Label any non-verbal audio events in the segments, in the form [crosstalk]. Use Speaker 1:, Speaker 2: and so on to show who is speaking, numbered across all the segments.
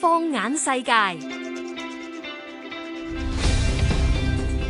Speaker 1: 放眼世界，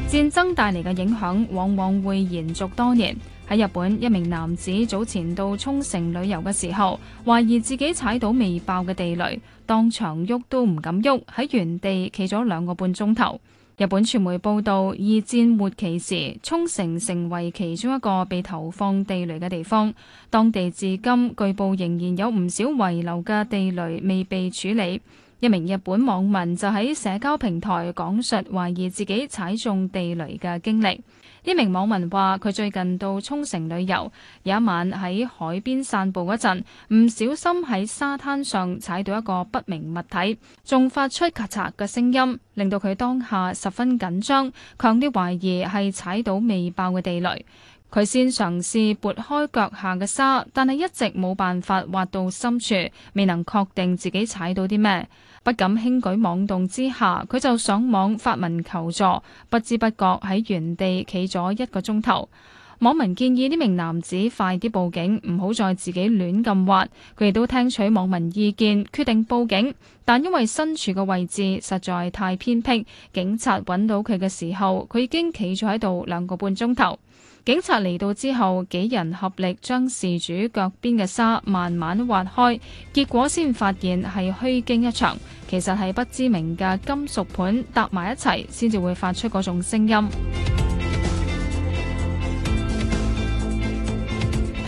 Speaker 1: 戰爭帶嚟嘅影響往往會延續多年。喺日本，一名男子早前到沖繩旅遊嘅時候，懷疑自己踩到未爆嘅地雷，當場喐都唔敢喐，喺原地企咗兩個半鐘頭。日本傳媒報道，二戰末期時，沖繩成為其中一個被投放地雷嘅地方。當地至今據報仍然有唔少遺留嘅地雷未被處理。一名日本網民就喺社交平台講述懷疑自己踩中地雷嘅經歷。呢名網民話：佢最近到沖繩旅遊，有一晚喺海邊散步嗰陣，唔小心喺沙灘上踩到一個不明物體，仲發出咔嚓嘅聲音，令到佢當下十分緊張，強烈懷疑係踩到未爆嘅地雷。佢先嘗試撥開腳下嘅沙，但係一直冇辦法挖到深處，未能確定自己踩到啲咩，不敢輕舉妄動之下，佢就上網發文求助。不知不覺喺原地企咗一個鐘頭，網民建議呢名男子快啲報警，唔好再自己亂咁挖。佢亦都聽取網民意見，決定報警，但因為身處嘅位置實在太偏僻，警察揾到佢嘅時候，佢已經企咗喺度兩個半鐘頭。警察嚟到之後，幾人合力將事主腳邊嘅沙慢慢挖開，結果先發現係虛驚一場，其實係不知名嘅金屬盤搭埋一齊，先至會發出嗰種聲音。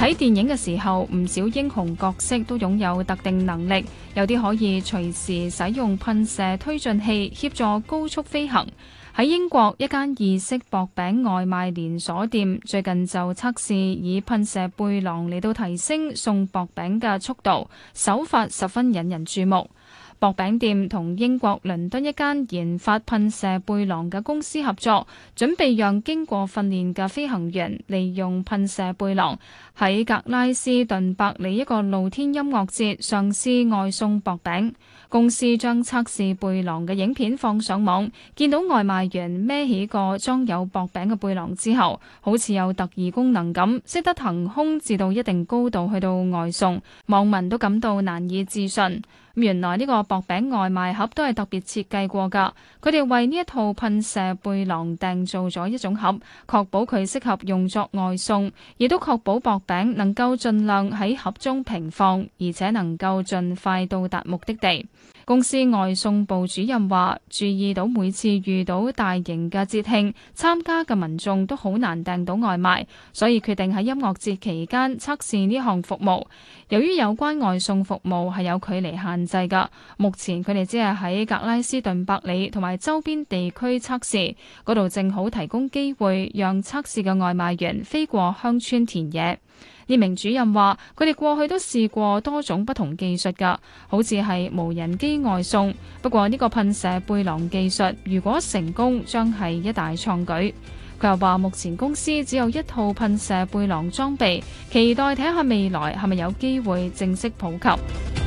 Speaker 1: 睇 [music] 電影嘅時候，唔少英雄角色都擁有特定能力，有啲可以隨時使用噴射推進器協助高速飛行。喺英國一間意式薄餅外賣連鎖店，最近就測試以噴射背囊嚟到提升送薄餅嘅速度，手法十分引人注目。薄餅店同英國倫敦一間研發噴射背囊嘅公司合作，準備讓經過訓練嘅飛行員利用噴射背囊喺格拉斯頓伯里一個露天音樂節上試外送薄餅。公司將測試背囊嘅影片放上網，見到外賣員孭起個裝有薄餅嘅背囊之後，好似有特異功能咁，識得騰空至到一定高度去到外送。網民都感到難以置信。原來呢個薄餅外賣盒都係特別設計過㗎，佢哋為呢一套噴射背囊訂做咗一種盒，確保佢適合用作外送，亦都確保薄餅能夠盡量喺盒中平放，而且能夠盡快到達目的地。公司外送部主任話，注意到每次遇到大型嘅節慶，參加嘅民眾都好難訂到外賣，所以決定喺音樂節期間測試呢項服務。由於有關外送服務係有距離限制嘅，目前佢哋只係喺格拉斯頓伯里同埋周邊地區測試，嗰度正好提供機會讓測試嘅外賣員飛過鄉村田野。呢名主任話：佢哋過去都試過多種不同技術㗎，好似係無人機外送。不過呢個噴射背囊技術，如果成功，將係一大創舉。佢又話：目前公司只有一套噴射背囊裝備，期待睇下未來係咪有機會正式普及。